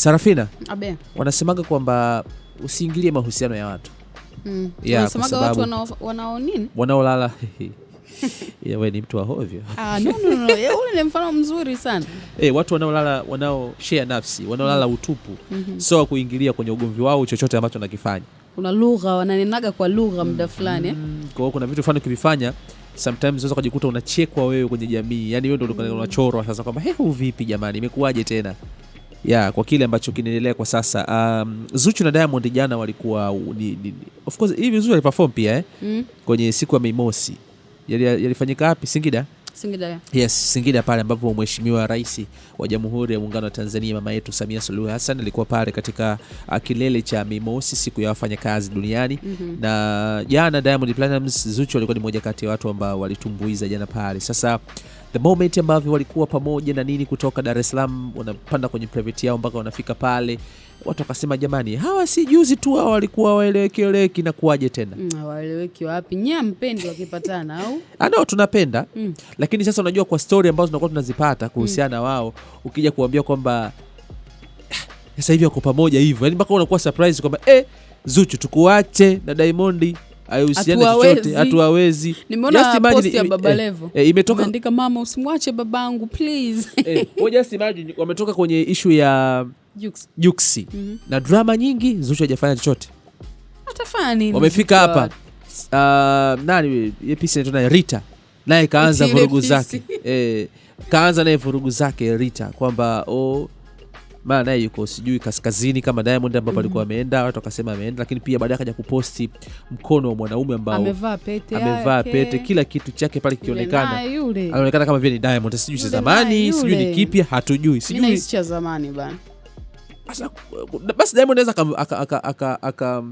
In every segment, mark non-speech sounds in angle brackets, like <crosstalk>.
Sarafina Abe. Wanasemaga kwamba usiingilie mahusiano ya watu mm. yeah, wanasemaga watu wanao, wanao nini? Wanaolala wewe <laughs> ni mtu wa hovyo. Ah, no, no, no. Ule ni mfano mzuri sana hey, <laughs> eh, watu wanaolala wanao share nafsi wanaolala hmm. utupu mm -hmm. so kuingilia kwenye ugomvi wao chochote ambacho nakifanya kuna lugha wananenaga kwa lugha muda hmm. fulani mm, kwa hiyo kuna vitu fulani ukivifanya sometimes unaweza kujikuta unachekwa wewe kwenye jamii, yani wewe ndio unachorwa sasa kwamba he, vipi jamani, imekuwaje tena yeah, kwa kile ambacho kinaendelea kwa sasa. Um, Zuchu na Diamond jana walikuwa ni, ni, of course hivi Zuchu aliperform pia eh? mm. kwenye siku ya Mei yalifanyika yali wapi? Singida Singida. Yes, Singida pale ambapo Mheshimiwa Rais wa Jamhuri ya Muungano wa Tanzania mama yetu Samia Suluhu Hassan alikuwa pale katika uh, kilele cha mimosi siku ya wafanyakazi duniani mm -hmm. na jana Diamond Platnumz Zuchu alikuwa ni moja kati ya watu ambao walitumbuiza jana pale. Sasa the moment ambavyo walikuwa pamoja na nini kutoka Dar es Salaam wanapanda kwenye private yao mpaka wanafika pale, watu wakasema jamani, hawa si juzi tu hawa walikuwa waeleweki eleweki na tena mm, waeleweki wapi? Nyie mpendi wakipatana au anao ah, tunapenda mm. Lakini sasa unajua kwa story ambazo tunakuwa tunazipata kuhusiana mm. wao, ukija kuambia kwamba ah, sasa hivi wako pamoja hivyo, yani mpaka unakuwa surprise kwamba eh, Zuchu tukuache na Diamondi haihusiani chochote, hatuwawezi. Nimeona post ya Baba eh, Levo eh, eh, imetoka andika mama usimwache babangu please <laughs> eh, just imagine wametoka kwenye ishu ya Juksi, Mm -hmm. na drama nyingi, Zuchu hajafanya chochote, atafanya nini? Wamefika hapa uh, nani yepisinaitona Rita naye kaanza vurugu zake eh, kaanza naye vurugu zake Rita kwamba oh, mara naye yuko sijui kaskazini kama Diamond ambapo mm alikuwa ameenda, watu wakasema ameenda, lakini pia baadaye akaja kuposti mkono wa mwanaume ambao amevaa pete, amevaa pete, kila kitu chake pale kikionekana, anaonekana kama vile ni Diamond, sijui zamani, sijui ni kipya, hatujui, sijui cha zamani bana. Basi Diamond anaweza aka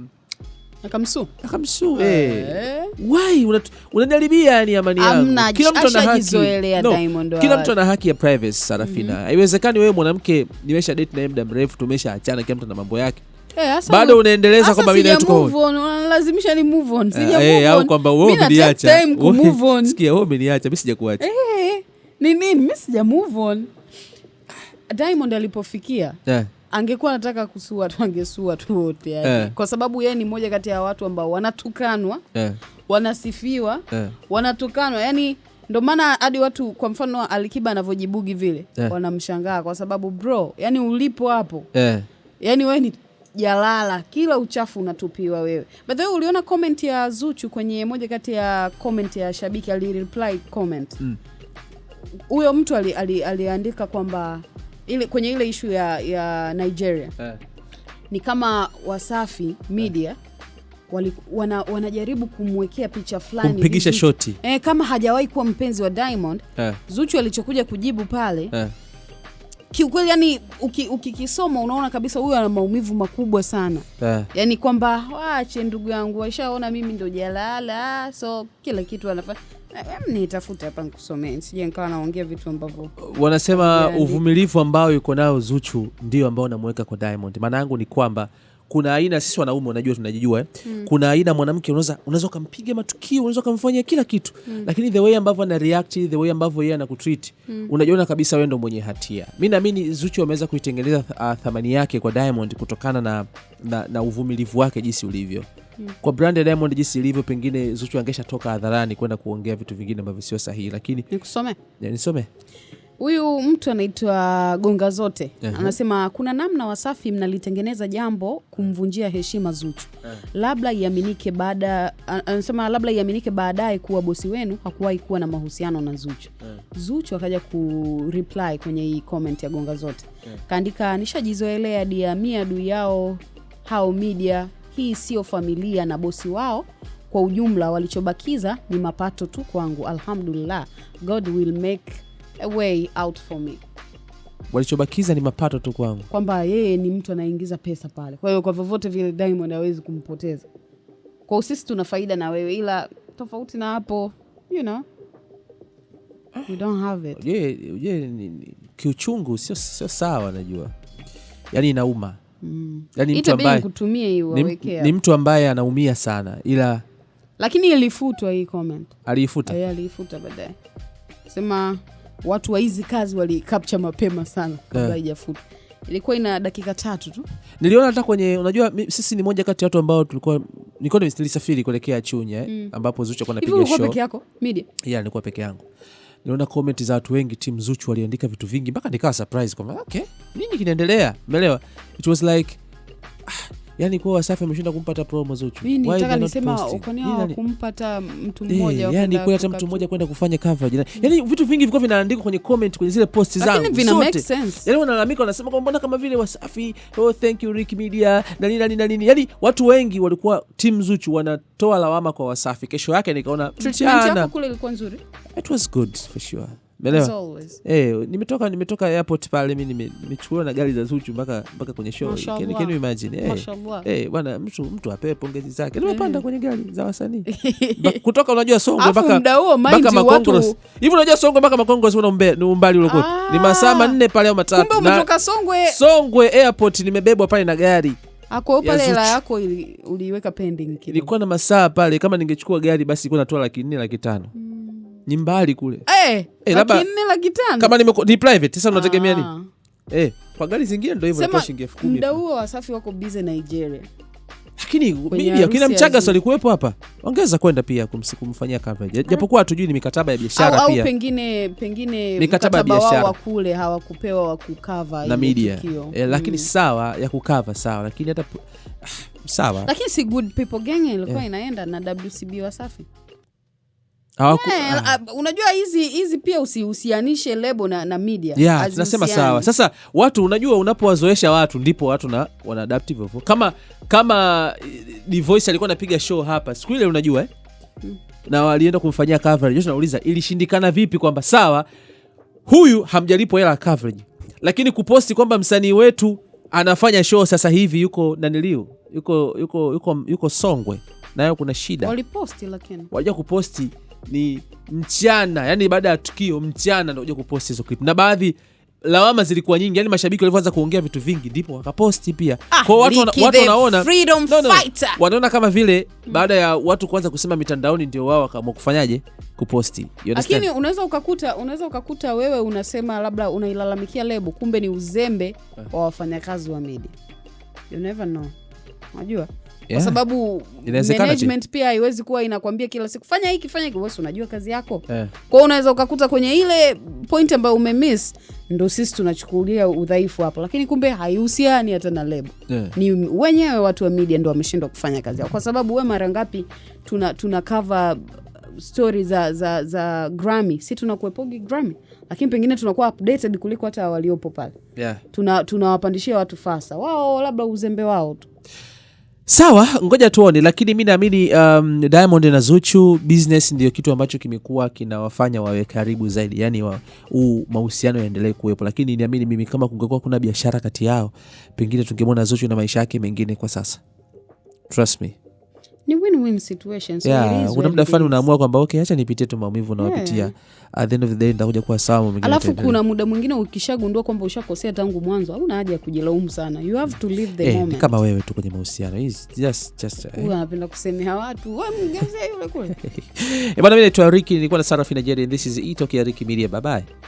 Akamsu. Akamsu. Eh. eh. Why unajaribia yani amani yangu? Amna, kila mtu ana haki. kila mtu ana haki ya privacy Sarafina. Mm Haiwezekani -hmm. Wewe mwanamke nimesha date naye muda mrefu tumeshaachana kila mtu na mambo yake. Eh, bado unaendeleza kwamba mimi natuko move on. Unalazimisha ni move on. Sija ah, eh, move on. Eh, au kwamba wewe umeniacha. Sikia wewe umeniacha, mimi sijakuacha. Eh. Ni nini? Mimi sija move on. Diamond alipofikia. Eh angekuwa anataka kusua tu angesua tu wote yeah. kwa sababu yeye ni mmoja kati ya watu ambao wanatukanwa yeah. wanasifiwa yeah. wanatukanwa yani ndo maana hadi watu kwa mfano Alikiba anavyojibugi vile yeah. wanamshangaa kwa sababu bro, yani ulipo hapo yeah. yani wee ni jalala, kila uchafu unatupiwa wewe. bah uliona comment ya Zuchu kwenye moja kati ya comment ya shabiki, ali comment mm. huyo mm, mtu ali, ali, aliandika kwamba ile kwenye ile ishu ya, ya Nigeria eh, ni kama Wasafi Media eh, wali, wana, wanajaribu kumwekea picha fulani kumpigisha shoti eh, kama hajawahi kuwa mpenzi wa Diamond eh. Zuchu alichokuja kujibu pale eh. Kiukweli yani ukikisoma uki unaona kabisa huyu ana maumivu makubwa sana yeah. Yani kwamba waache ndugu yangu, washaona mimi ndo jalala, so kila kitu anafanya Eh, Nitafute hapa nikusomee, nisije nikawa naongea vitu ambavyo wanasema. Uvumilivu ambao yuko nayo Zuchu ndio ambao namuweka kwa Diamond. Maana yangu ni kwamba kuna aina sisi wanaume unajua, tunajijua eh? mm. Kuna aina mwanamke unaweza unaweza ukampiga matukio, unaweza ukamfanyia kila kitu mm. Lakini the way ambavyo ana react, the way ambavyo yeye anakutreat mm. unajiona kabisa wewe ndo mwenye hatia. Mimi naamini Zuchu ameweza kuitengeneza ah, thamani yake kwa Diamond kutokana na, na, na uvumilivu wake jinsi ulivyo. Kwa brand ya Diamond jinsi ilivyo, pengine Zuchu angesha toka hadharani kwenda kuongea vitu vingine ambavyo sio sahihi, lakini nikusome eh, nisome huyu mtu anaitwa Gonga Zote uh-huh. Anasema kuna namna Wasafi mnalitengeneza jambo kumvunjia heshima Zuchu uh-huh. Labda iaminike baada, anasema labda iaminike baadaye kuwa bosi wenu hakuwahi kuwa na mahusiano na Zuchu uh-huh. Zuchu akaja ku kwenye hii koment ya Gonga Zote uh-huh. Kaandika nishajizoelea diamia mia yao hao midia hii sio familia na bosi wao kwa ujumla, walichobakiza ni mapato tu kwangu. Alhamdulillah, God will make a way out for me. Walichobakiza ni mapato tu kwangu, kwamba yeye ni mtu anaingiza pesa pale. Kwa hiyo kwa vyovyote vile Diamond hawezi kumpoteza. Kwa sisi tuna faida na wewe, ila tofauti na hapo, you know we don't have it. kiuchungu sio sawa, najua, yaani inauma mm. Yaani mtu ambaye, Ni mtu ambaye anaumia sana ila lakini ilifutwa hii comment. Aliifuta. Eh, aliifuta baadaye. Sema watu wa hizi kazi walicapture mapema sana kabla eh. haijafutwa. Yeah. Ilikuwa ina dakika tatu tu. Niliona hata kwenye unajua sisi ni moja kati ya watu ambao tulikuwa nilisafiri kuelekea Chunya mm. ambapo Zuchu yako? Yeah, nilikuwa peke yangu niliona comment za watu wengi, Team Zuchu waliandika vitu vingi mpaka nikawa surprise kwamba okay, nini kinaendelea? Umeelewa? It was like ah, yani kwa Wasafi ameshinda kumpata promo Zuchu. Mimi nataka nisema ukoni wao yaani yaani kumpata mtu eh, mmoja, yani kwa hata mtu mmoja kwenda kufanya coverage. Yani vitu vingi vilikuwa vinaandikwa kwenye comment kwenye zile post zangu. Lakini Yani wanalalamika wanasema kwamba mbona kama vile Wasafi, oh thank you Rick Media na nini na nini. Yani watu wengi walikuwa team Zuchu wanatoa lawama kwa Wasafi. Kesho yake nikaona mchana. Treatment yako kule ilikuwa nzuri. It was good for sure. Umeelewa? Eh, nimetoka nimetoka airport pale mi nimechukuliwa na gari za Zuchu mpaka mpaka kwenye show. Can, can you imagine? Eh. hey, eh, bwana mtu mtu apewe pongezi zake. Nimepanda hey. Eh. kwenye gari za wasanii. <laughs> Kutoka unajua songo mpaka mpaka makongo Hivi unajua songo mpaka Makongoro sio ni umbali ule kwetu ah. Ni masaa manne pale au matatu. Kumbe umetoka Songwe. Songwe airport nimebebwa pale na gari. Ako pale hela yako uliiweka pending kidogo. Ilikuwa na masaa pale kama ningechukua gari basi ilikuwa natoa laki nne laki tano. Mm ni mbali kule hey, hey, laba, kama ni, ni private sasa unategemea ah. nini? Hey, eh, kwa gari zingine ndo hivyo ni shilingi elfu kumi. Muda huo Wasafi Mchaga alikuwepo hapa, ongeza kwenda pia kumsikumfanyia kampeni, eh? japokuwa hatujui ni mikataba ya biashara pia pengine pengine mikataba ya hawakupewa wa kukava na media eh, lakini mm, sawa ya kukava sawa, lakini hata <sighs> sawa, lakini si good people gang ilikuwa yeah. inaenda na WCB Wasafi. Hawaku, yeah, ah. Unajua hizi hizi pia usihusianishe lebo na, na media yeah, tunasema sawa. Sasa watu unajua, unapowazoesha watu ndipo watu na wanaadapt hivyo hivyo, kama kama eh, The Voice alikuwa anapiga show hapa siku ile, unajua eh? mm. na walienda kumfanyia coverage, tunauliza ilishindikana vipi kwamba sawa, huyu hamjalipo hela coverage, lakini kuposti kwamba msanii wetu anafanya show sasa hivi yuko naniliu yuko, yuko, yuko, yuko Songwe, nayo kuna shida, waliposti lakini waja kuposti ni mchana, yani baada ya tukio mchana ndio kuja kuposti hizo clip, na baadhi lawama zilikuwa nyingi, yani mashabiki walivyoanza kuongea vitu vingi ndipo wakaposti pia. Ah, kwa watu wana, watu wanaona no, no, wanaona kama vile mm. baada ya watu kuanza kusema mitandaoni ndio wao wakaamua kufanyaje kuposti. Lakini unaweza ukakuta unaweza ukakuta wewe unasema labda unailalamikia lebo, kumbe ni uzembe eh. wa wafanyakazi wa media. You never know. Unajua? yeah. sababu management pia haiwezi kuwa inakwambia kila siku fanya hiki fanya hiki, wewe unajua kazi yako yeah. Kwao unaweza ukakuta kwenye ile point ambayo umemiss, ndo sisi tunachukulia udhaifu hapo, lakini kumbe haihusiani hata na lebo yeah. Ni wenyewe watu wa media ndo wameshindwa kufanya kazi yao, kwa sababu we mara ngapi tuna, tuna cover stori za, za, za Grammy si tunakuepogi Grammy, lakini pengine tunakuwa updated kuliko hata waliopo pale yeah. Tunawapandishia tuna watu fasa wao, labda uzembe wao tu. Sawa, ngoja tuone, lakini mi naamini um, Diamond na Zuchu business ndio kitu ambacho kimekuwa kinawafanya wawe karibu zaidi, yani huu mahusiano yaendelee kuwepo, lakini niamini mimi kama kungekuwa kuna biashara kati yao, pengine tungemwona Zuchu na maisha yake mengine kwa sasa. Trust me. Kuna muda fulani unaamua kwamba okay, hacha nipitie tu maumivu unawapitia yeah. kuwa sawa. Alafu kuna muda mwingine ukishagundua kwamba ushakosea tangu mwanzo, auna haja ya kujilaumu sana, you have to the hey, eh, Kama wewe tu kwenye mahusiano eh. anapenda kusemea watu <laughs> eh, bana. Mimi naitwa Riki, nilikuwa na Sarafina Jerry, this is Itoki Riki Media,